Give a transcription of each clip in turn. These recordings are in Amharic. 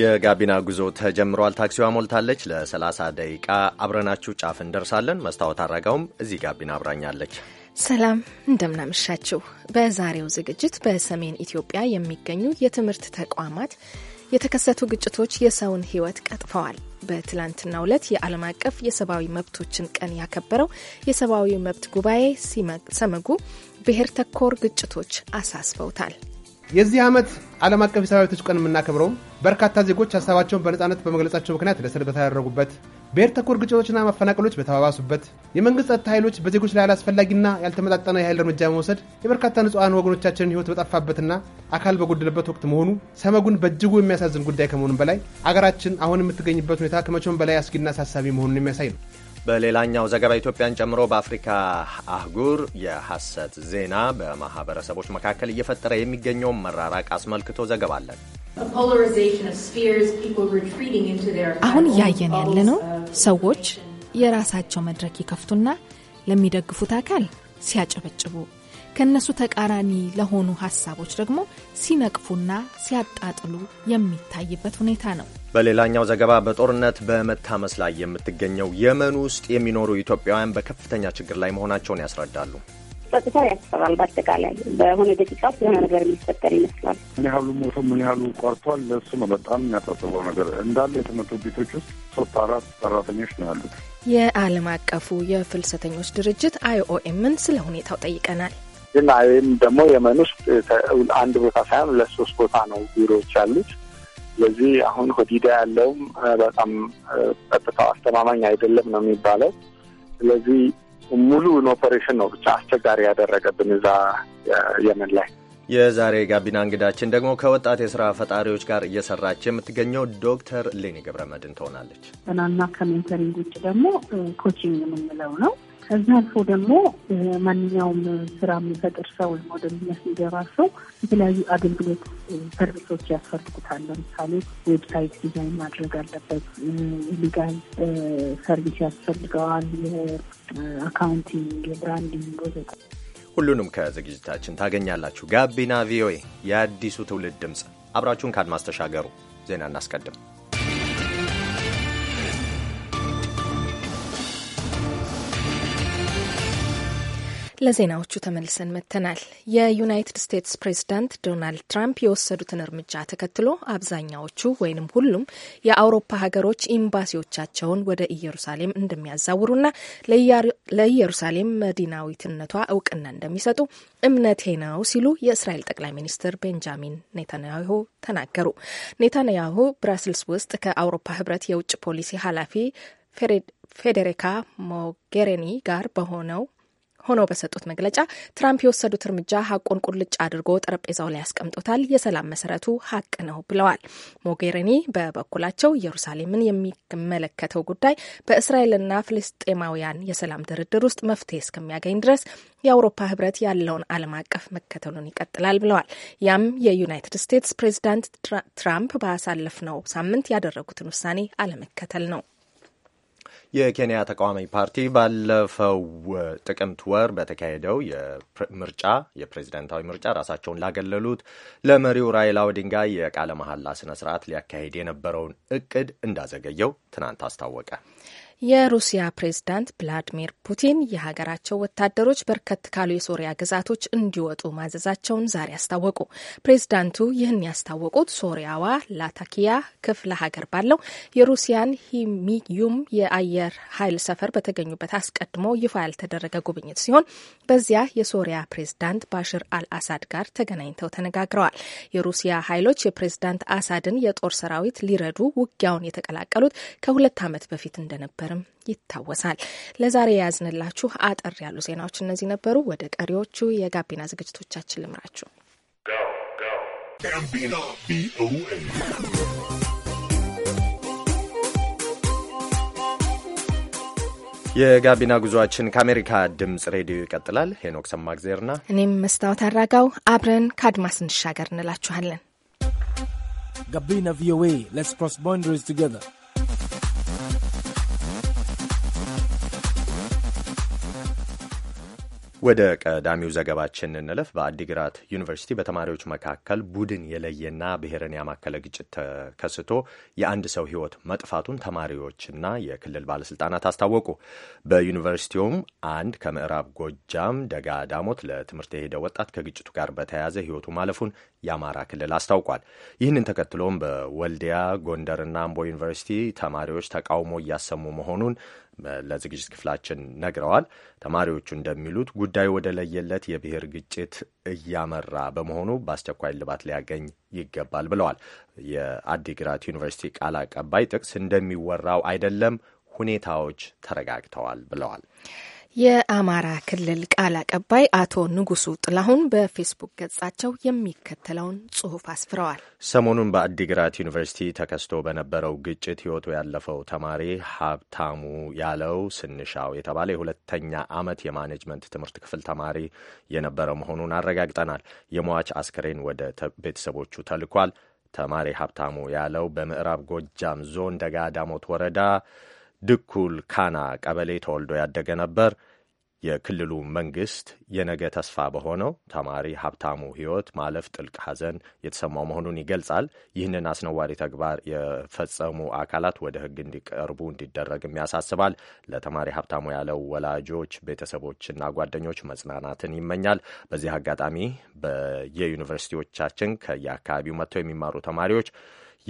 የጋቢና ጉዞ ተጀምሯል። ታክሲዋ ሞልታለች። ለ30 ደቂቃ አብረናችሁ ጫፍ እንደርሳለን። መስታወት አረጋውም እዚህ ጋቢና አብራኛለች። ሰላም እንደምናመሻችሁ። በዛሬው ዝግጅት በሰሜን ኢትዮጵያ የሚገኙ የትምህርት ተቋማት የተከሰቱ ግጭቶች የሰውን ሕይወት ቀጥፈዋል። በትላንትናው ዕለት የዓለም አቀፍ የሰብአዊ መብቶችን ቀን ያከበረው የሰብአዊ መብት ጉባኤ ሰመጉ ብሔር ተኮር ግጭቶች አሳስበውታል። የዚህ ዓመት ዓለም አቀፍ የሰብአዊ መብቶች ቀን የምናከብረውም በርካታ ዜጎች ሀሳባቸውን በነፃነት በመግለጻቸው ምክንያት ለእስር በተዳረጉበት፣ ብሔር ተኮር ግጭቶችና መፈናቀሎች በተባባሱበት፣ የመንግሥት ጸጥታ ኃይሎች በዜጎች ላይ አላስፈላጊና ያልተመጣጠነ የኃይል እርምጃ መውሰድ የበርካታ ንጹሐን ወገኖቻችንን ሕይወት በጠፋበትና አካል በጎደለበት ወቅት መሆኑ ሰመጉን በእጅጉ የሚያሳዝን ጉዳይ ከመሆኑም በላይ አገራችን አሁን የምትገኝበት ሁኔታ ከመቼውም በላይ አስጊና አሳሳቢ መሆኑን የሚያሳይ ነው። በሌላኛው ዘገባ ኢትዮጵያን ጨምሮ በአፍሪካ አህጉር የሐሰት ዜና በማህበረሰቦች መካከል እየፈጠረ የሚገኘውን መራራቅ አስመልክቶ ዘገባ አለን። አሁን እያየን ነው። uh, ሰዎች የራሳቸው መድረክ ይከፍቱና ለሚደግፉት አካል ሲያጨበጭቡ ከእነሱ ተቃራኒ ለሆኑ ሀሳቦች ደግሞ ሲነቅፉና ሲያጣጥሉ የሚታይበት ሁኔታ ነው። በሌላኛው ዘገባ በጦርነት በመታመስ ላይ የምትገኘው የመን ውስጥ የሚኖሩ ኢትዮጵያውያን በከፍተኛ ችግር ላይ መሆናቸውን ያስረዳሉ። ጸጥታ ያስፈራል። በአጠቃላይ በሆነ ደቂቃ ውስጥ የሆነ ነገር የሚፈጠር ይመስላል። ምን ያህሉ ሞቶ ምን ያህሉ ቆርቷል፣ ለእሱ ነው በጣም የሚያሳስበው ነገር። እንዳለ የተመቱ ቤቶች ውስጥ ሶስት አራት ሰራተኞች ነው ያሉት። የዓለም አቀፉ የፍልሰተኞች ድርጅት አይኦኤምን ስለ ሁኔታው ጠይቀናል። ግን አይኦኤም ደግሞ የመን ውስጥ አንድ ቦታ ሳይሆን ለሶስት ቦታ ነው ቢሮዎች ያሉት ስለዚህ አሁን ሆዲዳ ያለውም በጣም ጸጥታው አስተማማኝ አይደለም ነው የሚባለው። ስለዚህ ሙሉውን ኦፐሬሽን ነው ብቻ አስቸጋሪ ያደረገብን እዛ የመን ላይ። የዛሬ ጋቢና እንግዳችን ደግሞ ከወጣት የስራ ፈጣሪዎች ጋር እየሰራች የምትገኘው ዶክተር ሌኒ ገብረመድን ትሆናለች። እናና ከሜንተሪንግ ውጭ ደግሞ ኮቺንግ የምንለው ነው ከዚህ አልፎ ደግሞ ማንኛውም ስራ የሚፈጥር ሰው ወይም ወደ ቢዝነስ የሚገባ ሰው የተለያዩ አገልግሎት ሰርቪሶች ያስፈልጉታል። ለምሳሌ ዌብሳይት ዲዛይን ማድረግ አለበት፣ ሊጋል ሰርቪስ ያስፈልገዋል፣ የአካውንቲንግ፣ የብራንዲንግ ወዘተ። ሁሉንም ከዝግጅታችን ታገኛላችሁ። ጋቢና ቪኦኤ የአዲሱ ትውልድ ድምፅ። አብራችሁን ካድማስ ተሻገሩ። ዜና እናስቀድም። ለዜናዎቹ ተመልሰን መጥተናል። የዩናይትድ ስቴትስ ፕሬዚዳንት ዶናልድ ትራምፕ የወሰዱትን እርምጃ ተከትሎ አብዛኛዎቹ ወይንም ሁሉም የአውሮፓ ሀገሮች ኤምባሲዎቻቸውን ወደ ኢየሩሳሌም እንደሚያዛውሩና ለኢየሩሳሌም መዲናዊትነቷ እውቅና እንደሚሰጡ እምነቴ ነው ሲሉ የእስራኤል ጠቅላይ ሚኒስትር ቤንጃሚን ኔታንያሁ ተናገሩ። ኔታንያሁ ብራስልስ ውስጥ ከአውሮፓ ህብረት የውጭ ፖሊሲ ኃላፊ ፌዴሪካ ሞጌሪኒ ጋር በሆነው ሆነው በሰጡት መግለጫ ትራምፕ የወሰዱት እርምጃ ሀቁን ቁልጭ አድርጎ ጠረጴዛው ላይ ያስቀምጦታል፣ የሰላም መሰረቱ ሀቅ ነው ብለዋል። ሞጌሪኒ በበኩላቸው ኢየሩሳሌምን የሚመለከተው ጉዳይ በእስራኤልና ፍልስጤማውያን የሰላም ድርድር ውስጥ መፍትሄ እስከሚያገኝ ድረስ የአውሮፓ ህብረት ያለውን ዓለም አቀፍ መከተሉን ይቀጥላል ብለዋል። ያም የዩናይትድ ስቴትስ ፕሬዚዳንት ትራምፕ ባሳለፍነው ሳምንት ያደረጉትን ውሳኔ አለመከተል ነው። የኬንያ ተቃዋሚ ፓርቲ ባለፈው ጥቅምት ወር በተካሄደው ምርጫ የፕሬዝደንታዊ ምርጫ ራሳቸውን ላገለሉት ለመሪው ራይላ ኦዲንጋ የቃለ መሐላ ስነ ስርዓት ሊያካሂድ የነበረውን እቅድ እንዳዘገየው ትናንት አስታወቀ። የሩሲያ ፕሬዝዳንት ቭላዲሚር ፑቲን የሀገራቸው ወታደሮች በርከት ካሉ የሶሪያ ግዛቶች እንዲወጡ ማዘዛቸውን ዛሬ አስታወቁ። ፕሬዝዳንቱ ይህን ያስታወቁት ሶሪያዋ ላታኪያ ክፍለ ሀገር ባለው የሩሲያን ሂሚዩም የአየር ኃይል ሰፈር በተገኙበት አስቀድሞ ይፋ ያልተደረገ ጉብኝት ሲሆን በዚያ የሶሪያ ፕሬዝዳንት ባሽር አልአሳድ ጋር ተገናኝተው ተነጋግረዋል። የሩሲያ ኃይሎች የፕሬዝዳንት አሳድን የጦር ሰራዊት ሊረዱ ውጊያውን የተቀላቀሉት ከሁለት ዓመት በፊት እንደነበር እንደነበርም ይታወሳል። ለዛሬ የያዝንላችሁ አጠር ያሉ ዜናዎች እነዚህ ነበሩ። ወደ ቀሪዎቹ የጋቢና ዝግጅቶቻችን ልምራችሁ። የጋቢና ጉዞአችን ከአሜሪካ ድምጽ ሬዲዮ ይቀጥላል። ሄኖክ ሰማግዜርና እኔም መስታወት አራጋው አብረን ከአድማስ እንሻገር እንላችኋለን። ጋቢና ቪኦኤ ስ ፕሮስ ባውንደሪስ ቱገር ወደ ቀዳሚው ዘገባችን እንለፍ። በአዲግራት ዩኒቨርሲቲ በተማሪዎች መካከል ቡድን የለየና ብሔርን ያማከለ ግጭት ተከስቶ የአንድ ሰው ሕይወት መጥፋቱን ተማሪዎችና የክልል ባለስልጣናት አስታወቁ። በዩኒቨርሲቲውም አንድ ከምዕራብ ጎጃም ደጋ ዳሞት ለትምህርት የሄደ ወጣት ከግጭቱ ጋር በተያያዘ ሕይወቱ ማለፉን የአማራ ክልል አስታውቋል። ይህንን ተከትሎም በወልዲያ ጎንደርና አምቦ ዩኒቨርሲቲ ተማሪዎች ተቃውሞ እያሰሙ መሆኑን ለዝግጅት ክፍላችን ነግረዋል። ተማሪዎቹ እንደሚሉት ጉዳዩ ወደ ለየለት የብሔር ግጭት እያመራ በመሆኑ በአስቸኳይ ልባት ሊያገኝ ይገባል ብለዋል። የአዲግራት ዩኒቨርሲቲ ቃል አቀባይ ጥቅስ እንደሚወራው አይደለም፣ ሁኔታዎች ተረጋግተዋል ብለዋል። የአማራ ክልል ቃል አቀባይ አቶ ንጉሱ ጥላሁን በፌስቡክ ገጻቸው የሚከተለውን ጽሑፍ አስፍረዋል። ሰሞኑን በአዲግራት ዩኒቨርሲቲ ተከስቶ በነበረው ግጭት ሕይወቱ ያለፈው ተማሪ ሀብታሙ ያለው ስንሻው የተባለ የሁለተኛ ዓመት የማኔጅመንት ትምህርት ክፍል ተማሪ የነበረ መሆኑን አረጋግጠናል። የሟች አስክሬን ወደ ቤተሰቦቹ ተልኳል። ተማሪ ሀብታሙ ያለው በምዕራብ ጎጃም ዞን ደጋ ዳሞት ወረዳ ድኩል ካና ቀበሌ ተወልዶ ያደገ ነበር። የክልሉ መንግስት የነገ ተስፋ በሆነው ተማሪ ሀብታሙ ህይወት ማለፍ ጥልቅ ሐዘን የተሰማው መሆኑን ይገልጻል። ይህንን አስነዋሪ ተግባር የፈጸሙ አካላት ወደ ሕግ እንዲቀርቡ እንዲደረግም ያሳስባል። ለተማሪ ሀብታሙ ያለው ወላጆች፣ ቤተሰቦችና ጓደኞች መጽናናትን ይመኛል። በዚህ አጋጣሚ በየዩኒቨርሲቲዎቻችን ከየአካባቢው መጥተው የሚማሩ ተማሪዎች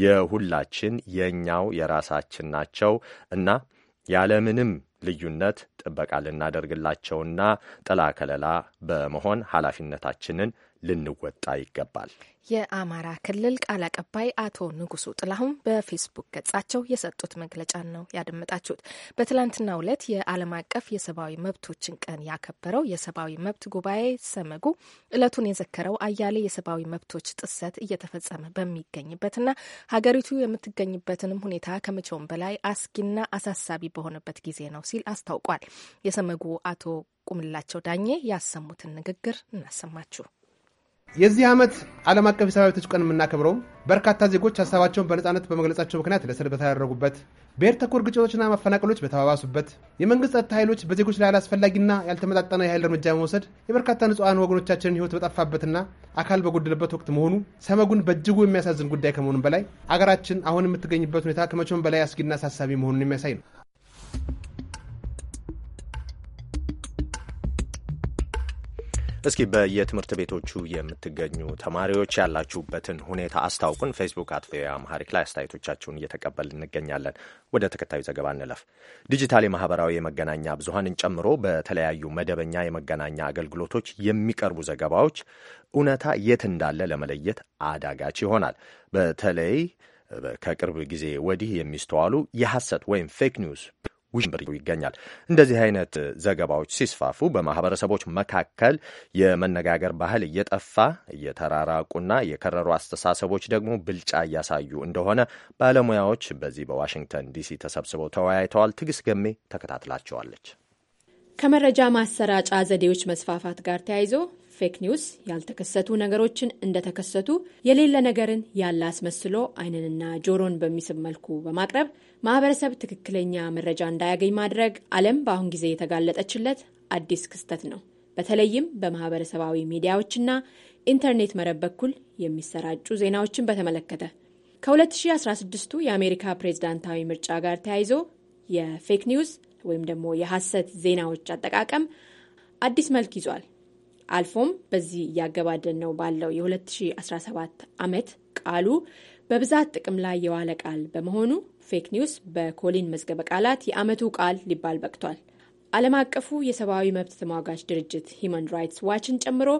የሁላችን የእኛው የራሳችን ናቸው እና ያለምንም ልዩነት ጥበቃ ልናደርግላቸውና ጥላ ከለላ በመሆን ኃላፊነታችንን ልንወጣ ይገባል። የአማራ ክልል ቃል አቀባይ አቶ ንጉሱ ጥላሁን በፌስቡክ ገጻቸው የሰጡት መግለጫ ነው ያደመጣችሁት። በትላንትናው ዕለት የዓለም አቀፍ የሰብአዊ መብቶችን ቀን ያከበረው የሰብአዊ መብት ጉባኤ ሰመጉ ዕለቱን የዘከረው አያሌ የሰብአዊ መብቶች ጥሰት እየተፈጸመ በሚገኝበትና ሀገሪቱ የምትገኝበትንም ሁኔታ ከመቼውም በላይ አስጊና አሳሳቢ በሆነበት ጊዜ ነው ሲል አስታውቋል። የሰመጉ አቶ ቁምላቸው ዳኜ ያሰሙትን ንግግር እናሰማችሁ። የዚህ ዓመት ዓለም አቀፍ የሰብአዊ መብቶች ቀን የምናከብረው በርካታ ዜጎች ሀሳባቸውን በነፃነት በመግለጻቸው ምክንያት ለእስር በተዳረጉበት፣ ብሔር ተኮር ግጭቶችና ማፈናቀሎች በተባባሱበት፣ የመንግስት ጸጥታ ኃይሎች በዜጎች ላይ አላስፈላጊና ያልተመጣጠነ የኃይል እርምጃ በመውሰድ የበርካታ ንጹሐን ወገኖቻችንን ሕይወት በጠፋበትና አካል በጎደለበት ወቅት መሆኑ ሰመጉን በእጅጉ የሚያሳዝን ጉዳይ ከመሆኑም በላይ አገራችን አሁን የምትገኝበት ሁኔታ ከመቼውም በላይ አስጊና አሳሳቢ መሆኑን የሚያሳይ ነው። እስኪ በየትምህርት ቤቶቹ የምትገኙ ተማሪዎች ያላችሁበትን ሁኔታ አስታውቁን። ፌስቡክ አት ቪኦኤ አማሪክ ላይ አስተያየቶቻችሁን እየተቀበል እንገኛለን። ወደ ተከታዩ ዘገባ እንለፍ። ዲጂታል የማህበራዊ የመገናኛ ብዙሀንን ጨምሮ በተለያዩ መደበኛ የመገናኛ አገልግሎቶች የሚቀርቡ ዘገባዎች እውነታ የት እንዳለ ለመለየት አዳጋች ይሆናል። በተለይ ከቅርብ ጊዜ ወዲህ የሚስተዋሉ የሐሰት ወይም ፌክ ኒውስ ውዥንብር ይገኛል። እንደዚህ አይነት ዘገባዎች ሲስፋፉ በማህበረሰቦች መካከል የመነጋገር ባህል እየጠፋ እየተራራቁና የከረሩ አስተሳሰቦች ደግሞ ብልጫ እያሳዩ እንደሆነ ባለሙያዎች በዚህ በዋሽንግተን ዲሲ ተሰብስበው ተወያይተዋል። ትግስ ገሜ ተከታትላቸዋለች። ከመረጃ ማሰራጫ ዘዴዎች መስፋፋት ጋር ተያይዞ ፌክ ኒውስ ያልተከሰቱ ነገሮችን እንደተከሰቱ የሌለ ነገርን ያለ አስመስሎ አይንንና ጆሮን በሚስብ መልኩ በማቅረብ ማህበረሰብ ትክክለኛ መረጃ እንዳያገኝ ማድረግ ዓለም በአሁን ጊዜ የተጋለጠችለት አዲስ ክስተት ነው። በተለይም በማህበረሰባዊ ሚዲያዎችና ኢንተርኔት መረብ በኩል የሚሰራጩ ዜናዎችን በተመለከተ ከ2016ቱ የአሜሪካ ፕሬዝዳንታዊ ምርጫ ጋር ተያይዞ የፌክ ኒውስ ወይም ደግሞ የሐሰት ዜናዎች አጠቃቀም አዲስ መልክ ይዟል። አልፎም በዚህ እያገባደን ነው ባለው የ2017 ዓመት ቃሉ በብዛት ጥቅም ላይ የዋለ ቃል በመሆኑ ፌክ ኒውስ በኮሊን መዝገበ ቃላት የዓመቱ ቃል ሊባል በቅቷል። ዓለም አቀፉ የሰብአዊ መብት ተሟጋች ድርጅት ሂማን ራይትስ ዋችን ጨምሮ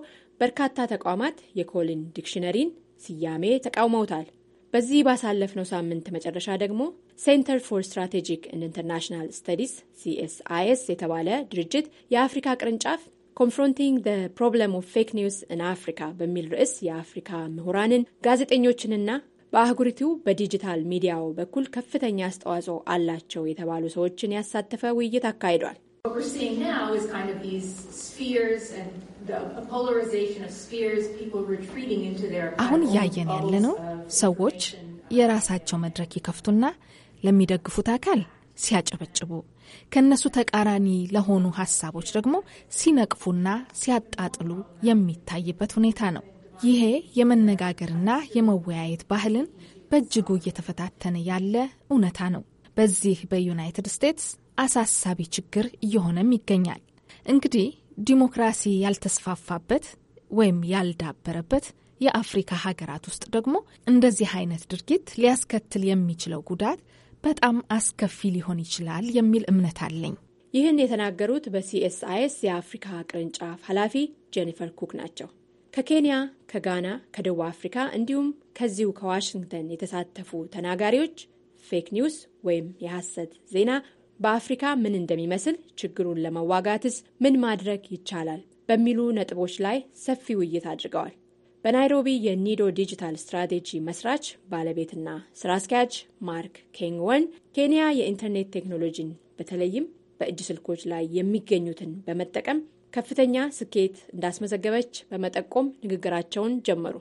በርካታ ተቋማት የኮሊን ዲክሽነሪን ስያሜ ተቃውመውታል። በዚህ ባሳለፍነው ሳምንት መጨረሻ ደግሞ ሴንተር ፎር ስትራቴጂክ ኢንተርናሽናል ስተዲስ ሲኤስአይኤስ የተባለ ድርጅት የአፍሪካ ቅርንጫፍ ኮንፍሮንቲንግ ዘ ፕሮብለም ኦፍ ፌክ ኒውስ ኢን አፍሪካ በሚል ርዕስ የአፍሪካ ምሁራንን፣ ጋዜጠኞችንና በአህጉሪቱ በዲጂታል ሚዲያው በኩል ከፍተኛ አስተዋጽኦ አላቸው የተባሉ ሰዎችን ያሳተፈ ውይይት አካሂዷል። አሁን እያየን ነው። ሰዎች የራሳቸው መድረክ ይከፍቱና ለሚደግፉት አካል ሲያጨበጭቡ ከእነሱ ተቃራኒ ለሆኑ ሀሳቦች ደግሞ ሲነቅፉና ሲያጣጥሉ የሚታይበት ሁኔታ ነው። ይሄ የመነጋገርና የመወያየት ባህልን በእጅጉ እየተፈታተነ ያለ እውነታ ነው። በዚህ በዩናይትድ ስቴትስ አሳሳቢ ችግር እየሆነም ይገኛል። እንግዲህ ዲሞክራሲ ያልተስፋፋበት ወይም ያልዳበረበት የአፍሪካ ሀገራት ውስጥ ደግሞ እንደዚህ አይነት ድርጊት ሊያስከትል የሚችለው ጉዳት በጣም አስከፊ ሊሆን ይችላል የሚል እምነት አለኝ። ይህን የተናገሩት በሲኤስአይኤስ የአፍሪካ ቅርንጫፍ ኃላፊ ጄኒፈር ኩክ ናቸው። ከኬንያ፣ ከጋና፣ ከደቡብ አፍሪካ እንዲሁም ከዚሁ ከዋሽንግተን የተሳተፉ ተናጋሪዎች ፌክ ኒውስ ወይም የሐሰት ዜና በአፍሪካ ምን እንደሚመስል፣ ችግሩን ለመዋጋትስ ምን ማድረግ ይቻላል በሚሉ ነጥቦች ላይ ሰፊ ውይይት አድርገዋል። በናይሮቢ የኒዶ ዲጂታል ስትራቴጂ መስራች ባለቤትና ስራ አስኪያጅ ማርክ ኬንግወን ኬንያ የኢንተርኔት ቴክኖሎጂን በተለይም በእጅ ስልኮች ላይ የሚገኙትን በመጠቀም ከፍተኛ ስኬት እንዳስመዘገበች በመጠቆም ንግግራቸውን ጀመሩ።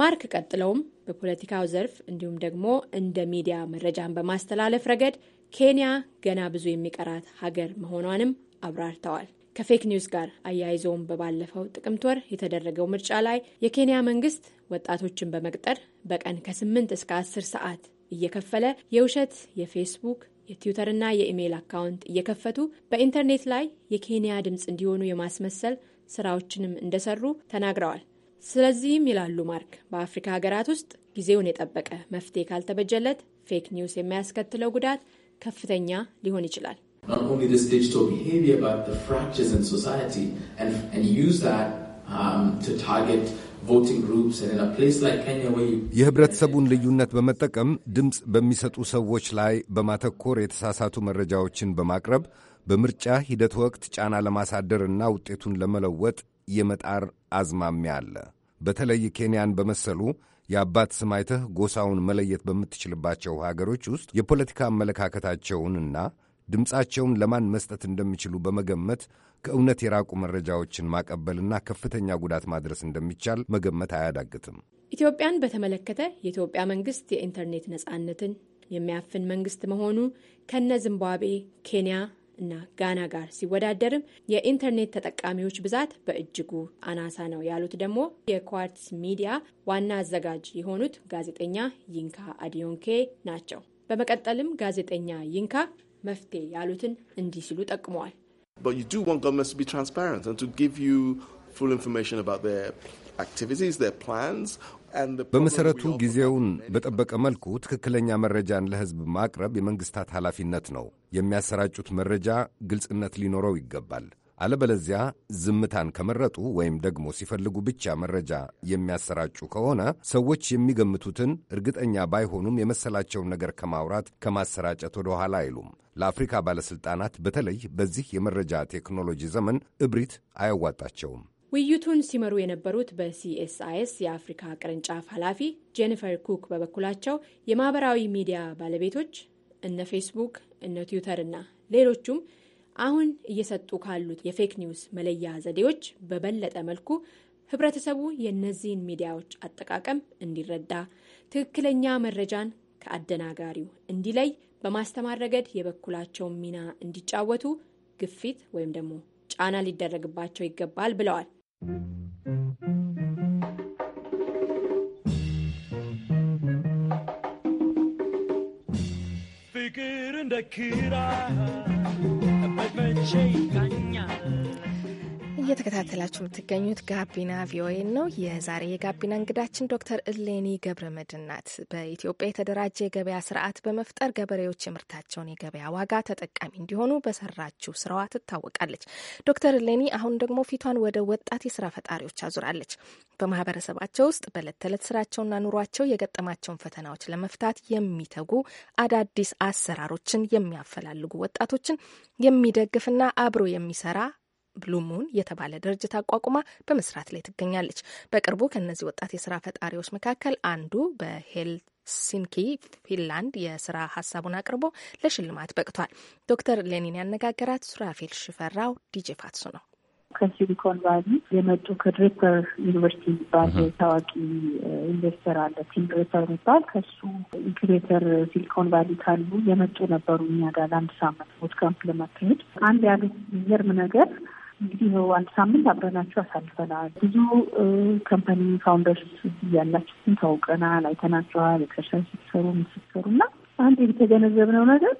ማርክ ቀጥለውም በፖለቲካው ዘርፍ እንዲሁም ደግሞ እንደ ሚዲያ መረጃን በማስተላለፍ ረገድ ኬንያ ገና ብዙ የሚቀራት ሀገር መሆኗንም አብራርተዋል። ከፌክ ኒውስ ጋር አያይዘውም በባለፈው ጥቅምት ወር የተደረገው ምርጫ ላይ የኬንያ መንግስት ወጣቶችን በመቅጠር በቀን ከ8 እስከ 10 ሰዓት እየከፈለ የውሸት የፌስቡክ የትዊተርና የኢሜይል አካውንት እየከፈቱ በኢንተርኔት ላይ የኬንያ ድምፅ እንዲሆኑ የማስመሰል ስራዎችንም እንደሰሩ ተናግረዋል። ስለዚህም ይላሉ ማርክ፣ በአፍሪካ ሀገራት ውስጥ ጊዜውን የጠበቀ መፍትሄ ካልተበጀለት ፌክ ኒውስ የሚያስከትለው ጉዳት ከፍተኛ ሊሆን ይችላል። የህብረተሰቡን ልዩነት በመጠቀም ድምፅ በሚሰጡ ሰዎች ላይ በማተኮር የተሳሳቱ መረጃዎችን በማቅረብ በምርጫ ሂደት ወቅት ጫና ለማሳደርና ውጤቱን ለመለወጥ የመጣር አዝማሚያ አለ። በተለይ ኬንያን በመሰሉ የአባት ስም አይተህ ጎሳውን መለየት በምትችልባቸው ሀገሮች ውስጥ የፖለቲካ አመለካከታቸውንና ድምፃቸውን ለማን መስጠት እንደሚችሉ በመገመት ከእውነት የራቁ መረጃዎችን ማቀበልና ከፍተኛ ጉዳት ማድረስ እንደሚቻል መገመት አያዳግትም። ኢትዮጵያን በተመለከተ የኢትዮጵያ መንግስት የኢንተርኔት ነጻነትን የሚያፍን መንግስት መሆኑ ከነ ዚምባብዌ፣ ኬንያ እና ጋና ጋር ሲወዳደርም የኢንተርኔት ተጠቃሚዎች ብዛት በእጅጉ አናሳ ነው ያሉት ደግሞ የኳርትስ ሚዲያ ዋና አዘጋጅ የሆኑት ጋዜጠኛ ይንካ አዲዮንኬ ናቸው። በመቀጠልም ጋዜጠኛ ይንካ መፍትሄ ያሉትን እንዲህ ሲሉ ጠቅመዋል። በመሰረቱ ጊዜውን በጠበቀ መልኩ ትክክለኛ መረጃን ለሕዝብ ማቅረብ የመንግሥታት ኃላፊነት ነው። የሚያሰራጩት መረጃ ግልጽነት ሊኖረው ይገባል። አለበለዚያ ዝምታን ከመረጡ ወይም ደግሞ ሲፈልጉ ብቻ መረጃ የሚያሰራጩ ከሆነ ሰዎች የሚገምቱትን እርግጠኛ ባይሆኑም የመሰላቸውን ነገር ከማውራት ከማሰራጨት ወደ ኋላ አይሉም። ለአፍሪካ ባለሥልጣናት በተለይ በዚህ የመረጃ ቴክኖሎጂ ዘመን እብሪት አያዋጣቸውም። ውይይቱን ሲመሩ የነበሩት በሲኤስአይኤስ የአፍሪካ ቅርንጫፍ ኃላፊ ጄኒፈር ኩክ በበኩላቸው የማህበራዊ ሚዲያ ባለቤቶች እነ ፌስቡክ፣ እነ ትዊተር እና ሌሎቹም አሁን እየሰጡ ካሉት የፌክ ኒውስ መለያ ዘዴዎች በበለጠ መልኩ ህብረተሰቡ የእነዚህን ሚዲያዎች አጠቃቀም እንዲረዳ፣ ትክክለኛ መረጃን ከአደናጋሪው እንዲለይ በማስተማር ረገድ የበኩላቸውን ሚና እንዲጫወቱ ግፊት ወይም ደግሞ ጫና ሊደረግባቸው ይገባል ብለዋል። ፍቅር እንደ never change. እየተከታተላችሁ የምትገኙት ጋቢና ቪኦኤ ነው። የዛሬ የጋቢና እንግዳችን ዶክተር እሌኒ ገብረ መድን ናት። በኢትዮጵያ የተደራጀ የገበያ ስርዓት በመፍጠር ገበሬዎች የምርታቸውን የገበያ ዋጋ ተጠቃሚ እንዲሆኑ በሰራችው ስራዋ ትታወቃለች። ዶክተር እሌኒ አሁን ደግሞ ፊቷን ወደ ወጣት የስራ ፈጣሪዎች አዙራለች። በማህበረሰባቸው ውስጥ በዕለት ተዕለት ስራቸውና ኑሯቸው የገጠማቸውን ፈተናዎች ለመፍታት የሚተጉ አዳዲስ አሰራሮችን የሚያፈላልጉ ወጣቶችን የሚደግፍና አብሮ የሚሰራ ብሉሙን የተባለ ድርጅት አቋቁማ በመስራት ላይ ትገኛለች። በቅርቡ ከእነዚህ ወጣት የስራ ፈጣሪዎች መካከል አንዱ በሄል ሲንኪ ፊንላንድ የስራ ሀሳቡን አቅርቦ ለሽልማት በቅቷል። ዶክተር ሌኒን ያነጋገራት ሱራፌል ሽፈራው ዲጄ ፋትሱ ነው። ከሲሊኮን ቫሊ የመጡ ከድሬፐር ዩኒቨርሲቲ የሚባል ታዋቂ ኢንቨስተር አለ። ቲም ድሬፐር የሚባል ከሱ ኢንኩቤተር ሲሊኮን ቫሊ ካሉ የመጡ ነበሩ እኛ ጋር ለአንድ ሳምንት ቦት ካምፕ ለማካሄድ አንድ ያሉት የሚገርም ነገር እንግዲህ አንድ ሳምንት አብረናችሁ አሳልፈናል። ብዙ ከምፓኒ ፋውንደርስ ያላችሁትን ታውቀናል፣ አይተናቸዋል። ኤክሰርሳይዝ ስትሰሩ ስትሰሩ እና አንድ የተገነዘብነው ነገር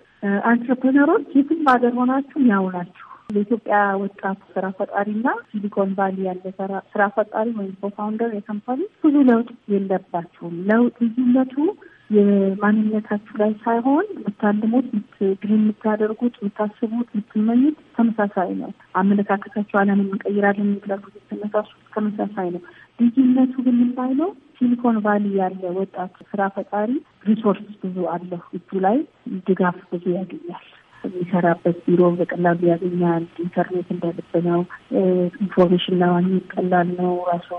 አንትረፕረነሮች የትም ሀገር ሆናችሁ ያው ናችሁ። የኢትዮጵያ ወጣት ስራ ፈጣሪና ሲሊኮን ቫሊ ያለ ስራ ፈጣሪ ወይም ኮፋውንደር የከምፓኒ ብዙ ለውጥ የለባቸውም። ለውጥ ልዩነቱ የማንነታችሁ ላይ ሳይሆን የምታልሙት፣ ግን የምታደርጉት፣ የምታስቡት፣ የምትመኙት ተመሳሳይ ነው። አመለካከታቸው ዓለምን እንቀይራለን ብላችሁ ስትነሳሱት ተመሳሳይ ነው። ልዩነቱ ግን የምናይለው ሲሊኮን ቫሊ ያለ ወጣት ስራ ፈጣሪ ሪሶርስ ብዙ አለሁ እጁ ላይ ድጋፍ ብዙ ያገኛል። የሚሰራበት ቢሮ በቀላሉ ያገኛል። ኢንተርኔት እንዳለበት ነው። ኢንፎርሜሽን ለማግኘት ቀላል ነው። ራሱ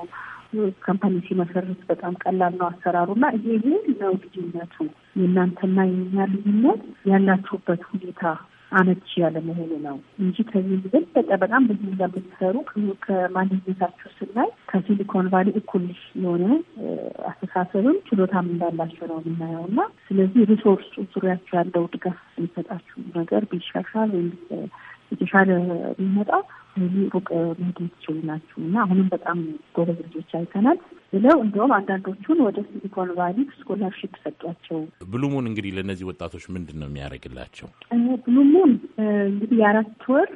ካምፓኒ ሲመሰርት በጣም ቀላል ነው አሰራሩና ይሄ ነው ልዩነቱ። የእናንተና የኛ ልዩነት ያላችሁበት ሁኔታ አመቺ ያለመሆኑ ነው እንጂ ከዚህ የበለጠ በጣም ብዙ ብትሰሩ ከማንነታችሁ ስናይ ከሲሊኮን ቫሊ እኩል የሆነ አስተሳሰብም ችሎታም እንዳላቸው ነው የምናየው እና ስለዚህ ሪሶርስ ዙሪያቸው ያለው ድጋፍ የሚሰጣችሁ ነገር ቢሻሻል ወይም የተሻለ ሊመጣ ሙሉ ሩቅ መሄድ ትችሉ ናቸው እና አሁንም በጣም ጎበዝ ልጆች አይተናል ብለው እንዲሁም አንዳንዶቹን ወደ ሲሊኮን ቫሊ ስኮላርሺፕ ሰጧቸው። ብሉሙን እንግዲህ ለእነዚህ ወጣቶች ምንድን ነው የሚያደርግላቸው? ብሉሙን እንግዲህ የአራት ወር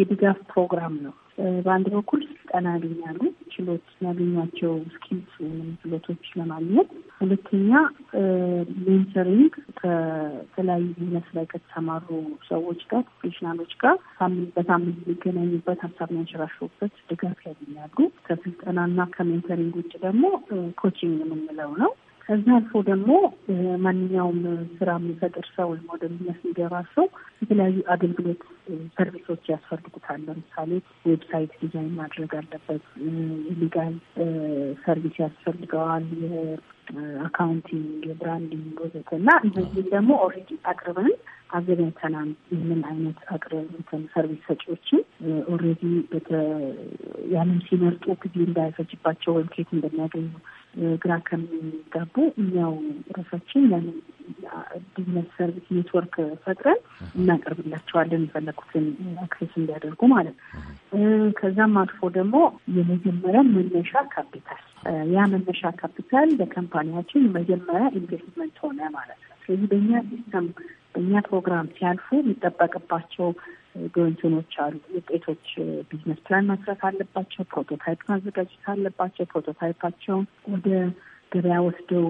የድጋፍ ፕሮግራም ነው። በአንድ በኩል ስልጠና ያገኛሉ፣ ችሎት ያገኟቸው ስኪልስ ወይም ችሎቶች ለማግኘት ሁለተኛ ሜንተሪንግ ከተለያዩ ቢዝነስ ላይ ከተሰማሩ ሰዎች ጋር ፕሮፌሽናሎች ጋር በሳምንት የሚገናኙበት ሀሳብ የሚያንሸራሽሩበት ድጋፍ ያገኛሉ። ከስልጠናና ከሜንተሪንግ ውጭ ደግሞ ኮቺንግ የምንለው ነው። ከዚህ አልፎ ደግሞ ማንኛውም ስራ የሚፈጥር ሰው ወይም ወደ ቢዝነስ የሚገባ ሰው የተለያዩ አገልግሎት ሰርቪሶች ያስፈልጉታል። ለምሳሌ ዌብሳይት ዲዛይን ማድረግ አለበት፣ ሊጋል ሰርቪስ ያስፈልገዋል፣ የአካውንቲንግ፣ የብራንዲንግ ወዘተ እና እነዚህ ደግሞ ኦልሬዲ አቅርበን አገናኝተናል። ምን አይነት አቅርብትን ሰርቪስ ሰጪዎችን ኦልሬዲ ያንን ሲመርጡ ጊዜ እንዳይፈጅባቸው ወይም ኬት እንደሚያገኙ ግራ ከሚጋቡ እኛው ራሳችን ያንን ቢዝነስ ሰርቪስ ኔትወርክ ፈጥረን እናቀርብላቸዋለን የፈለጉትን አክሴስ እንዲያደርጉ ማለት ነው። ከዛም አልፎ ደግሞ የመጀመሪያ መነሻ ካፒታል ያ መነሻ ካፒታል ለካምፓኒያችን መጀመሪያ ኢንቨስትመንት ሆነ ማለት ነው። ስለዚህ በእኛ ሲስተም በእኛ ፕሮግራም ሲያልፉ የሚጠበቅባቸው ግንትኖች አሉ፣ ውጤቶች ቢዝነስ ፕላን መስራት አለባቸው፣ ፕሮቶታይፕ ማዘጋጀት አለባቸው። ፕሮቶታይፓቸውን ወደ ገበያ ወስደው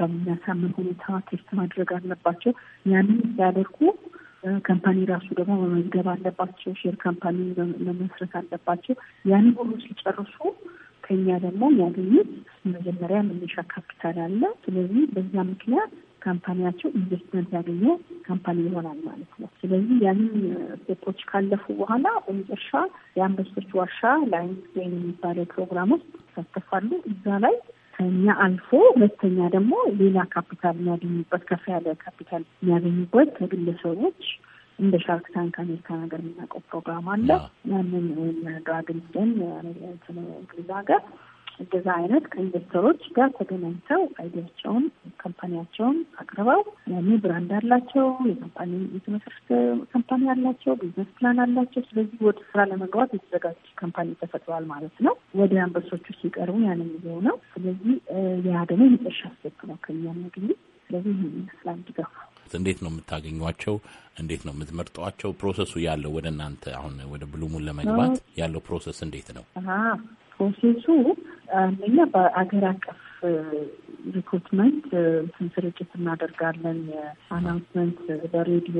በሚያሳምን ሁኔታ ቴስት ማድረግ አለባቸው። ያንን ሲያደርጉ ከምፓኒ ራሱ ደግሞ መመዝገብ አለባቸው። ሼር ካምፓኒ መመስረት አለባቸው። ያንን ሁሉ ሲጨርሱ ከኛ ደግሞ የሚያገኙት መጀመሪያ መነሻ ካፒታል አለ። ስለዚህ በዛ ምክንያት ካምፓኒያቸው ኢንቨስትመንት ያገኘ ካምፓኒ ይሆናል ማለት ነው። ስለዚህ ያንን ስቴፖች ካለፉ በኋላ በመጨረሻ የአንበሶች ዋሻ ላይንስ የሚባለው ፕሮግራም ውስጥ ይሳተፋሉ። እዛ ላይ ከኛ አልፎ ሁለተኛ ደግሞ ሌላ ካፒታል የሚያገኙበት ከፍ ያለ ካፒታል የሚያገኙበት ከግለሰቦች እንደ ሻርክ ታንክ አሜሪካ ነገር የምናውቀው ፕሮግራም አለ። ያንን ድራግን ደን እንግሊዝ ሀገር እንደዛ አይነት ከኢንቨስተሮች ጋር ተገናኝተው አይዲያቸውን ካምፓኒያቸውን አቅርበው ያኔ ብራንድ አላቸው፣ የካምፓኒ የተመሰረተ ካምፓኒ አላቸው፣ ቢዝነስ ፕላን አላቸው። ስለዚህ ወደ ስራ ለመግባት የተዘጋጀ ካምፓኒ ተፈጥሯል ማለት ነው። ወደ አንበሶቹ ሲቀርቡ ያንን ይዘው ነው። ስለዚህ ያ ደግሞ የመጨረሻ ስቴፕ ነው ከኛ ምግኝ። ስለዚህ ይህን ይመስላል ድጋፍ እንዴት ነው የምታገኟቸው? እንዴት ነው የምትመርጧቸው? ፕሮሰሱ ያለው ወደ እናንተ አሁን ወደ ብሉሙን ለመግባት ያለው ፕሮሰስ እንዴት ነው? ፕሮሴሱ አንደኛ በአገር አቀፍ ሪክሩትመንት ስርጭት እናደርጋለን። አናውንስመንት በሬዲዮ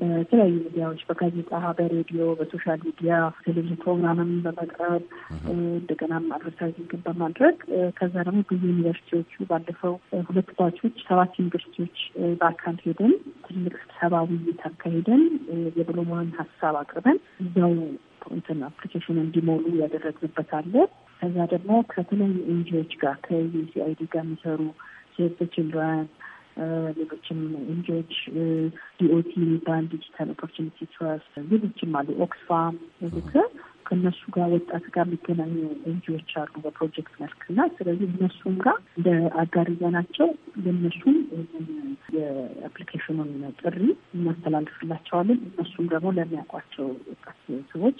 በተለያዩ ሚዲያዎች፣ በጋዜጣ፣ በሬዲዮ፣ በሶሻል ሚዲያ፣ ቴሌቪዥን ፕሮግራምም በመቅረብ እንደገናም አድቨርታይዚንግን በማድረግ ከዛ ደግሞ ብዙ ዩኒቨርሲቲዎቹ ባለፈው ሁለት ባቾች ሰባት ዩኒቨርሲቲዎች በአካል ሄደን ትልቅ ስብሰባ ውይይት አካሄደን የብሎማን ሀሳብ አቅርበን እዛው እንትን አፕሊኬሽን እንዲሞሉ ያደረግንበት አለ። ከዛ ደግሞ ከተለያዩ ኤንጂዎች ጋር ከዩሲአይዲ ጋር የሚሰሩ ሴቭ ችልድረን ሌሎችም ኤንጂዎች ዲኦቲ የሚባል ዲጂታል ኦፖርቹኒቲ ትራስት ሌሎችም አሉ ኦክስፋም ወዘተ ከእነሱ ጋር ወጣት ጋር የሚገናኙ ኤንጂዎች አሉ በፕሮጀክት መልክ እና ስለዚህ እነሱም ጋር እንደ አጋር ይዘናቸው ለእነሱም የአፕሊኬሽኑን ጥሪ እናስተላልፍላቸዋለን። እነሱም ደግሞ ለሚያውቋቸው ወጣት ሰዎች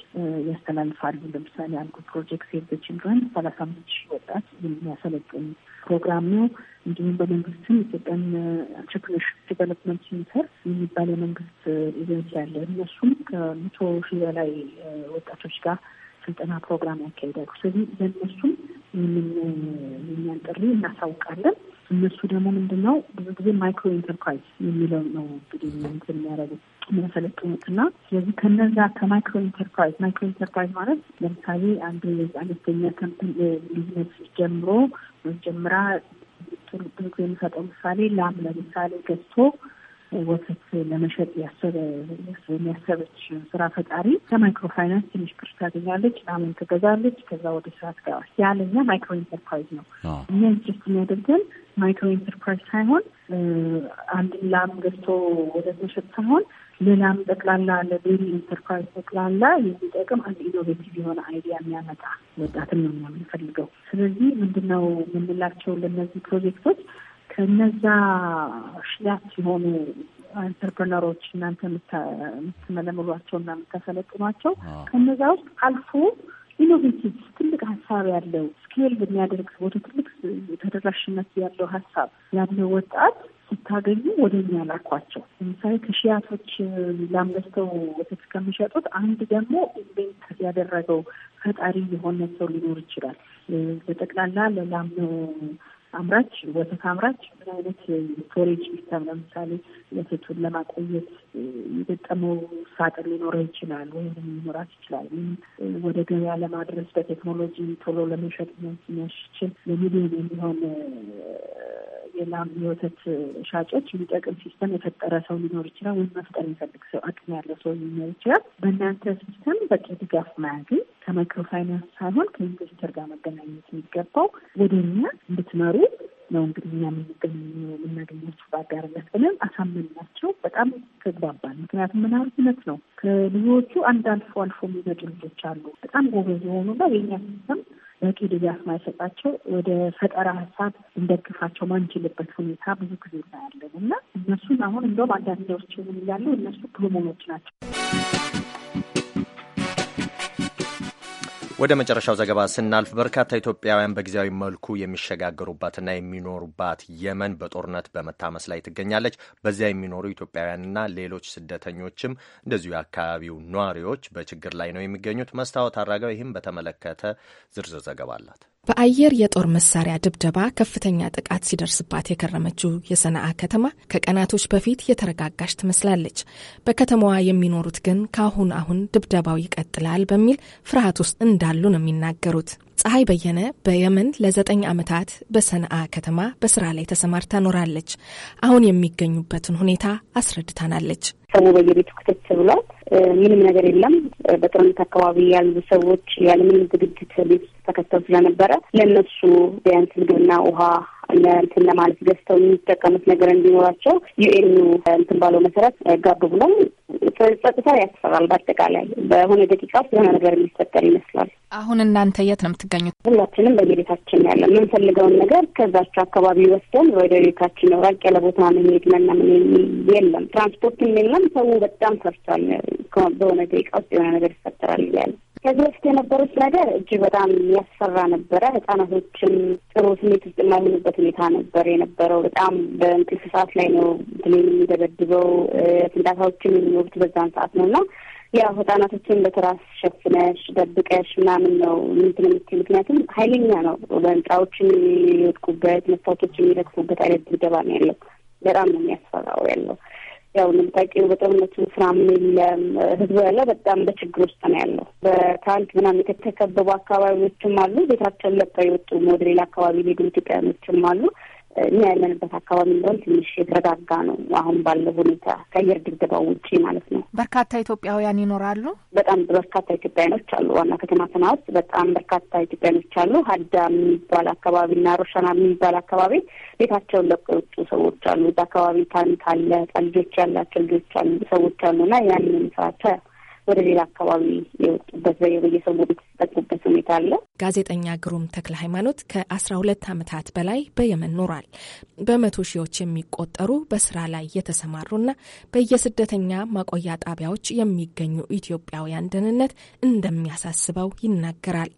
ያስተላልፋሉ። ለምሳሌ አንዱ ፕሮጀክት ሴቭ ዘ ችልድረን ሰላሳ አምስት ሺህ ወጣት የሚያሰለጥን ፕሮግራም ነው። እንዲሁም በመንግስትም ኢትዮጵያን አንትርፕርነርሺፕ ዲቨሎፕመንት ሴንተር የሚባል የመንግስት ኤጀንሲ አለ። እነሱም ከመቶ ሺህ በላይ ወጣቶች ጋር ስልጠና ፕሮግራም ያካሄዳሉ። ስለዚህ ለእነሱም የእኛን ጥሪ እናሳውቃለን። እነሱ ደግሞ ምንድን ነው ብዙ ጊዜ ማይክሮ ኢንተርፕራይዝ የሚለው ነው እንግዲህ እንትን የሚያደርጉት የሚያሰለጥኑት እና ስለዚህ ከነዛ ከማይክሮ ኢንተርፕራይዝ ማይክሮ ኢንተርፕራይዝ ማለት ለምሳሌ አንድ አነስተኛ ከምፕ ቢዝነስ ጀምሮ ጀምራ ለምሳሌ ብዙ የምሰጠው ምሳሌ ላም ለምሳሌ ገዝቶ ወተት ለመሸጥ የሚያሰበች ስራ ፈጣሪ ከማይክሮ ፋይናንስ ትንሽ ብር ታገኛለች። ላምን ትገዛለች። ከዛ ወደ ስራ ትገባል። ያለኛ ማይክሮ ኢንተርፕራይዝ ነው። እኛ ኢንትረስት የሚያደርገን ማይክሮ ኢንተርፕራይዝ ሳይሆን አንድን ላም ገዝቶ ወተት መሸጥ ሳይሆን ሌላም ጠቅላላ ለቤሪ ኢንተርፕራይዝ ጠቅላላ የሚጠቅም አንድ ኢኖቬቲቭ የሆነ አይዲያ የሚያመጣ ወጣትን ነው የምንፈልገው። ስለዚህ ምንድነው የምንላቸው ለእነዚህ ፕሮጀክቶች ከነዛ ሽያት የሆኑ ኢንተርፕረነሮች እናንተ የምትመለምሏቸው እና የምታሰለጥኗቸው ከነዛ ውስጥ አልፎ ኢኖቬቲቭ ትልቅ ሀሳብ ያለው ስኬል የሚያደርግ ወደ ትልቅ ተደራሽነት ያለው ሀሳብ ያለው ወጣት ስታገኙ ወደ እኛ ላኳቸው። ለምሳሌ ከሽያቶች ላምለስተው ወተት ከሚሸጡት አንድ ደግሞ ኢንቬንት ያደረገው ፈጣሪ የሆነ ሰው ሊኖር ይችላል። በጠቅላላ ለላም አምራች ወተት አምራች ምን አይነት ስቶሬጅ ሲስተም ለምሳሌ ወተቱን ለማቆየት የገጠመው ሳጥን ሊኖረው ይችላል ወይም ሊኖራት ይችላል። ወይም ወደ ገበያ ለማድረስ በቴክኖሎጂ ቶሎ ለመሸጥ የሚያስችል ለሚሊዮን የሚሆን የላም የወተት ሻጮች የሚጠቅም ሲስተም የፈጠረ ሰው ሊኖር ይችላል። ወይም መፍጠር የሚፈልግ ሰው አቅም ያለው ሰው ሊኖር ይችላል። በእናንተ ሲስተም በቂ ድጋፍ ማያገኝ ከማይክሮ ፋይናንስ ሳይሆን ከኢንቨስተር ጋር መገናኘት የሚገባው ወደ እኛ እንድትመሩ ነው እንግዲህ እኛ የምንገኝ የምናገኛቸው በአጋርነት ብለን አሳመንናቸው። በጣም ተግባባን። ምክንያቱም ምናምን ነው ከልጆቹ አንድ አልፎ አልፎ የሚመጡ ልጆች አሉ በጣም ጎበዝ የሆኑና የኛ ሲስተም በቂ ድጋፍ ማይሰጣቸው ወደ ፈጠራ ሀሳብ እንደግፋቸው ማንችልበት ሁኔታ ብዙ ጊዜ እናያለን እና እነሱን አሁን እንደውም አንዳንዳዎችንም እያሉ እነሱ ፕሮሞኖች ናቸው። ወደ መጨረሻው ዘገባ ስናልፍ በርካታ ኢትዮጵያውያን በጊዜያዊ መልኩ የሚሸጋገሩባትና የሚኖሩባት የመን በጦርነት በመታመስ ላይ ትገኛለች። በዚያ የሚኖሩ ኢትዮጵያውያንና ሌሎች ስደተኞችም እንደዚሁ የአካባቢው ነዋሪዎች በችግር ላይ ነው የሚገኙት። መስታወት አድራጋው ይህም በተመለከተ ዝርዝር ዘገባ አላት። በአየር የጦር መሳሪያ ድብደባ ከፍተኛ ጥቃት ሲደርስባት የከረመችው የሰነአ ከተማ ከቀናቶች በፊት የተረጋጋች ትመስላለች። በከተማዋ የሚኖሩት ግን ከአሁን አሁን ድብደባው ይቀጥላል በሚል ፍርሃት ውስጥ እንዳሉ ነው የሚናገሩት። ፀሐይ በየነ በየመን ለዘጠኝ ዓመታት በሰነአ ከተማ በስራ ላይ ተሰማርታ ኖራለች። አሁን የሚገኙበትን ሁኔታ አስረድታናለች። ሰው በየቤቱ ክትት ብሏል። ምንም ነገር የለም። በጦርነት አካባቢ ያሉ ሰዎች ያለምንም ዝግጅት ቤት ተከተው ስለነበረ ለእነሱ ቢያንስ ምግብና ውሃ እንትን ለማለት ገዝተው የሚጠቀሙት ነገር እንዲኖራቸው ዩኤኑ እንትን ባለው መሰረት ጋብ ብሎም ጸጥታ ያስፈራል። በአጠቃላይ በሆነ ደቂቃ ውስጥ የሆነ ነገር የሚፈጠር ይመስላል። አሁን እናንተ የት ነው የምትገኙት? ሁላችንም በየቤታችን ያለ የምንፈልገውን ነገር ከዛቸው አካባቢ ወስደን ወደ ቤታችን ነው። ራቅ ያለ ቦታ መሄድ መናምን የለም፣ ትራንስፖርትም የለም። ሰው በጣም ሰርቷል። በሆነ ደቂቃ ውስጥ የሆነ ነገር ይፈጠራል ይላል። ከዚህ በፊት የነበሩት ነገር እጅግ በጣም ያስፈራ ነበረ። ህጻናቶችም ጥሩ ስሜት ውስጥ የማይሆኑበት ሁኔታ ነበር የነበረው። በጣም በእንቅልፍ ሰዓት ላይ ነው ብሌን የሚደበድበው፣ ፍንዳታዎችን የሚወቅት በዛን ሰዓት ነው እና ያ ህጻናቶችን በትራስ ሸፍነሽ ደብቀሽ ምናምን ነው ምንትን የምት ምክንያቱም ኃይለኛ ነው። በህንጻዎች የሚወድቁበት መስታወቶች የሚለክፉበት አይነት ድብደባ ነው ያለው። በጣም ነው የሚያስፈራው ያለው ያው እንደምታውቂው በጦርነቱ ስራ ምን የለም። ህዝቡ ያለው በጣም በችግር ውስጥ ነው ያለው። በታንክ ምናምን የተከበቡ አካባቢዎችም አሉ። ቤታቸውን ለቀው የወጡ ወደ ሌላ አካባቢ ሄዱ ኢትዮጵያኖችም አሉ። እኛ ያለንበት አካባቢ እንደውም ትንሽ የተረጋጋ ነው አሁን ባለው ሁኔታ ከአየር ድብደባው ውጪ ማለት ነው። በርካታ ኢትዮጵያውያን ይኖራሉ። በጣም በርካታ ኢትዮጵያኖች አሉ። ዋና ከተማ ሰና ውስጥ በጣም በርካታ ኢትዮጵያኖች አሉ። ሀዳ የሚባል አካባቢ አካባቢና ሮሻና የሚባል አካባቢ ቤታቸውን ለቀው የወጡ ሰዎች አሉ። እዛ አካባቢ ታንክ አለ፣ ልጆች ያላቸው ልጆች አሉ፣ ሰዎች አሉ እና ያንን ሰዋቸው ወደ ሌላ አካባቢ የወጡበት በየሰው ቤት የተጠቁበት ሁኔታ አለ። ጋዜጠኛ ግሩም ተክለ ሃይማኖት ከአስራ ሁለት ዓመታት በላይ በየመን ኖሯል። በመቶ ሺዎች የሚቆጠሩ በስራ ላይ የተሰማሩና በየስደተኛ ማቆያ ጣቢያዎች የሚገኙ ኢትዮጵያውያን ደህንነት እንደሚያሳስበው ይናገራል።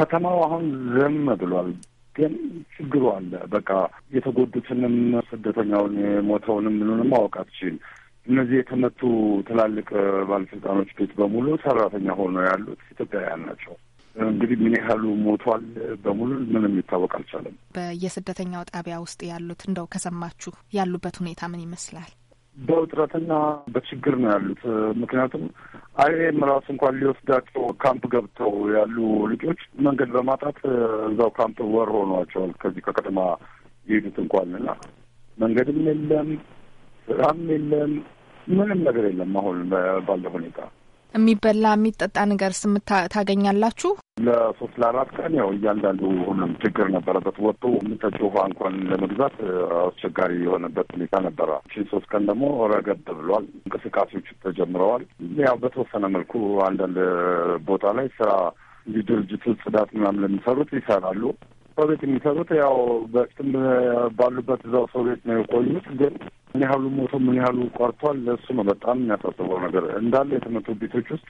ከተማው አሁን ዝም ብሏል። ግን ችግሩ አለ። በቃ የተጎዱትንም ስደተኛውን የሞተውንም ምኑንም ማወቅ አትችልም። እነዚህ የተመቱ ትላልቅ ባለስልጣኖች ቤት በሙሉ ሰራተኛ ሆነው ያሉት ኢትዮጵያውያን ናቸው። እንግዲህ ምን ያህሉ ሞቷል በሙሉ ምንም ይታወቅ አልቻለም። በየስደተኛው ጣቢያ ውስጥ ያሉት እንደው ከሰማችሁ ያሉበት ሁኔታ ምን ይመስላል? በውጥረትና በችግር ነው ያሉት። ምክንያቱም አይኤም ራሱ እንኳን ሊወስዳቸው ካምፕ ገብተው ያሉ ልጆች መንገድ በማጣት እዛው ካምፕ ወር ሆኗቸዋል። ከዚህ ከከተማ የሄዱት እንኳን እና መንገድም የለም ስራም የለም ምንም ነገር የለም። አሁን ባለው ሁኔታ የሚበላ የሚጠጣ ነገር ስምታገኛላችሁ? ታገኛላችሁ። ለሶስት ለአራት ቀን ያው እያንዳንዱ ሁሉም ችግር ነበረበት። ወጡ የምጠጭ ውሃ እንኳን ለመግዛት አስቸጋሪ የሆነበት ሁኔታ ነበረ። ሶስት ቀን ደግሞ ረገብ ብሏል። እንቅስቃሴዎች ተጀምረዋል። ያው በተወሰነ መልኩ አንዳንድ ቦታ ላይ ስራ ድርጅቱ ጽዳት ምናምን ለሚሰሩት ይሰራሉ። በቤት የሚሰሩት ያው በፊትም ባሉበት እዛው ሰው ቤት ነው የቆዩት ግን ምን ያህሉ ሞቶ ምን ያህሉ ቆርቷል፣ ለእሱ ነው በጣም የሚያሳስበው ነገር። እንዳለ የተመቱ ቤቶች ውስጥ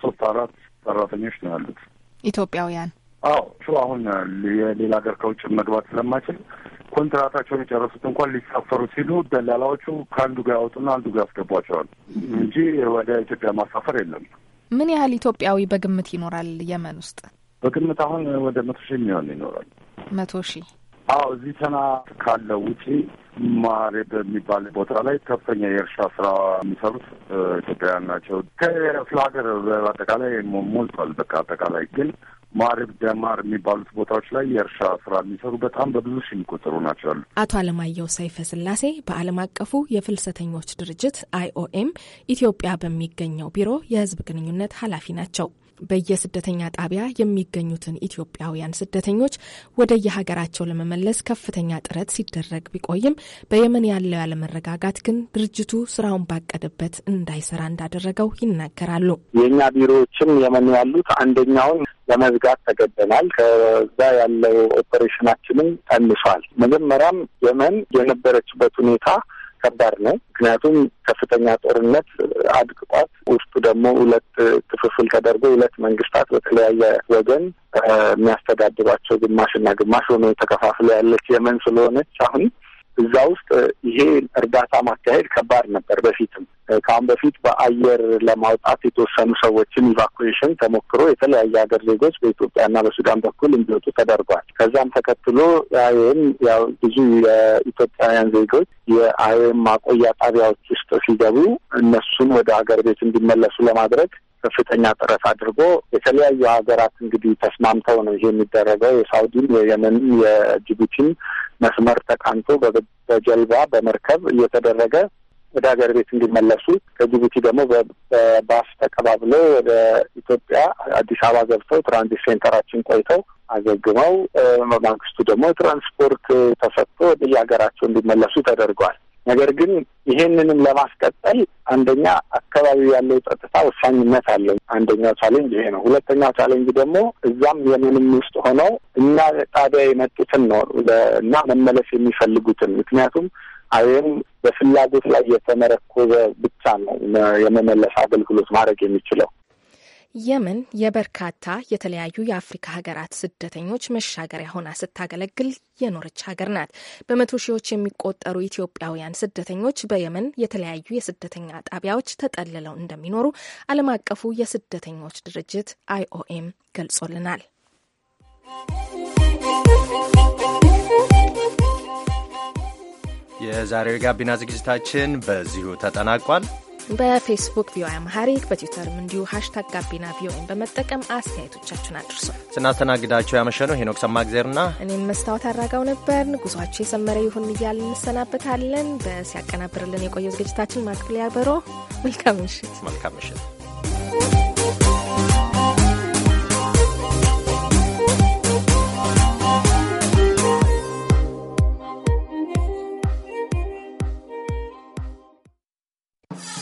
ሶስት አራት ሰራተኞች ነው ያሉት ኢትዮጵያውያን። አዎ እሱ አሁን የሌላ ሀገር ከውጭ መግባት ስለማይችል ኮንትራታቸውን የጨረሱት እንኳን ሊሳፈሩ ሲሉ ደላላዎቹ ከአንዱ ጋር ያወጡና አንዱ ጋር ያስገቧቸዋል እንጂ ወደ ኢትዮጵያ ማሳፈር የለም። ምን ያህል ኢትዮጵያዊ በግምት ይኖራል የመን ውስጥ? በግምት አሁን ወደ መቶ ሺህ የሚሆን ይኖራል። መቶ ሺህ አዎ እዚህ ሰና ካለው ውጪ ማሬ በሚባል ቦታ ላይ ከፍተኛ የእርሻ ስራ የሚሰሩት ኢትዮጵያውያን ናቸው። ከክፍለ ሀገር በአጠቃላይ ሞልቷል። በቃ አጠቃላይ ግን ማሪብ ደማር የሚባሉት ቦታዎች ላይ የእርሻ ስራ የሚሰሩ በጣም በብዙ ሺ የሚቆጠሩ ናቸው አቶ አለማየሁ ሰይፈ ስላሴ በዓለም አቀፉ የፍልሰተኞች ድርጅት አይኦኤም ኢትዮጵያ በሚገኘው ቢሮ የህዝብ ግንኙነት ኃላፊ ናቸው። በየስደተኛ ጣቢያ የሚገኙትን ኢትዮጵያውያን ስደተኞች ወደ የሀገራቸው ለመመለስ ከፍተኛ ጥረት ሲደረግ ቢቆይም በየመን ያለው ያለመረጋጋት ግን ድርጅቱ ስራውን ባቀደበት እንዳይሰራ እንዳደረገው ይናገራሉ። የእኛ ቢሮዎችም የመን ያሉት አንደኛውን ለመዝጋት ተገደናል። ከዛ ያለው ኦፐሬሽናችንም ቀንሷል። መጀመሪያም የመን የነበረችበት ሁኔታ ከባድ ነው። ምክንያቱም ከፍተኛ ጦርነት አድቅቋት ውስጡ ደግሞ ሁለት ክፍፍል ተደርጎ ሁለት መንግስታት በተለያየ ወገን የሚያስተዳድሯቸው ግማሽና ግማሽ ሆኖ ተከፋፍሎ ያለች የመን ስለሆነች አሁን እዛ ውስጥ ይሄ እርዳታ ማካሄድ ከባድ ነበር። በፊትም ከአሁን በፊት በአየር ለማውጣት የተወሰኑ ሰዎችን ኢቫኩዌሽን ተሞክሮ የተለያየ ሀገር ዜጎች በኢትዮጵያና በሱዳን በኩል እንዲወጡ ተደርጓል። ከዛም ተከትሎ የአይኤም ያው ብዙ የኢትዮጵያውያን ዜጎች የአይኤም ማቆያ ጣቢያዎች ውስጥ ሲገቡ እነሱን ወደ ሀገር ቤት እንዲመለሱ ለማድረግ ከፍተኛ ጥረት አድርጎ የተለያዩ ሀገራት እንግዲህ ተስማምተው ነው ይሄ የሚደረገው። የሳውዲን የየመንን የጅቡቲን መስመር ተቃንቶ በጀልባ በመርከብ እየተደረገ ወደ ሀገር ቤት እንዲመለሱ ከጅቡቲ ደግሞ በባስ ተቀባብሎ ወደ ኢትዮጵያ አዲስ አበባ ገብተው ትራንዚት ሴንተራችን ቆይተው አገግመው በማግስቱ ደግሞ ትራንስፖርት ተሰጥቶ ወደየ ሀገራቸው እንዲመለሱ ተደርጓል። ነገር ግን ይሄንንም ለማስቀጠል አንደኛ አካባቢው ያለው ጸጥታ ወሳኝነት አለው። አንደኛው ቻሌንጅ ይሄ ነው። ሁለተኛው ቻሌንጅ ደግሞ እዛም የምንም ውስጥ ሆነው እና ጣቢያ የመጡትን ነው እና መመለስ የሚፈልጉትን ምክንያቱም አይም በፍላጎት ላይ የተመረኮዘ ብቻ ነው የመመለስ አገልግሎት ማድረግ የሚችለው። የመን የበርካታ የተለያዩ የአፍሪካ ሀገራት ስደተኞች መሻገሪያ ሆና ስታገለግል የኖረች ሀገር ናት። በመቶ ሺዎች የሚቆጠሩ ኢትዮጵያውያን ስደተኞች በየመን የተለያዩ የስደተኛ ጣቢያዎች ተጠልለው እንደሚኖሩ ዓለም አቀፉ የስደተኞች ድርጅት አይኦኤም ገልጾልናል። የዛሬው የጋቢና ዝግጅታችን በዚሁ ተጠናቋል። በፌስቡክ ቪኦኤ አምሃሪክ በትዊተርም እንዲሁ ሀሽታግ ጋቢና ቪኦኤን በመጠቀም አስተያየቶቻችሁን አድርሷል። ስናስተናግዳቸው ያመሸነው ሄኖክ ሰማእግዜርና እኔም መስታወት አራጋው ነበር። ጉዟችሁ የሰመረ ይሁን እያል እንሰናበታለን። በሲያቀናብርልን የቆየው ዝግጅታችን ማክፍል ያበሮ። መልካም ምሽት። መልካም ምሽት።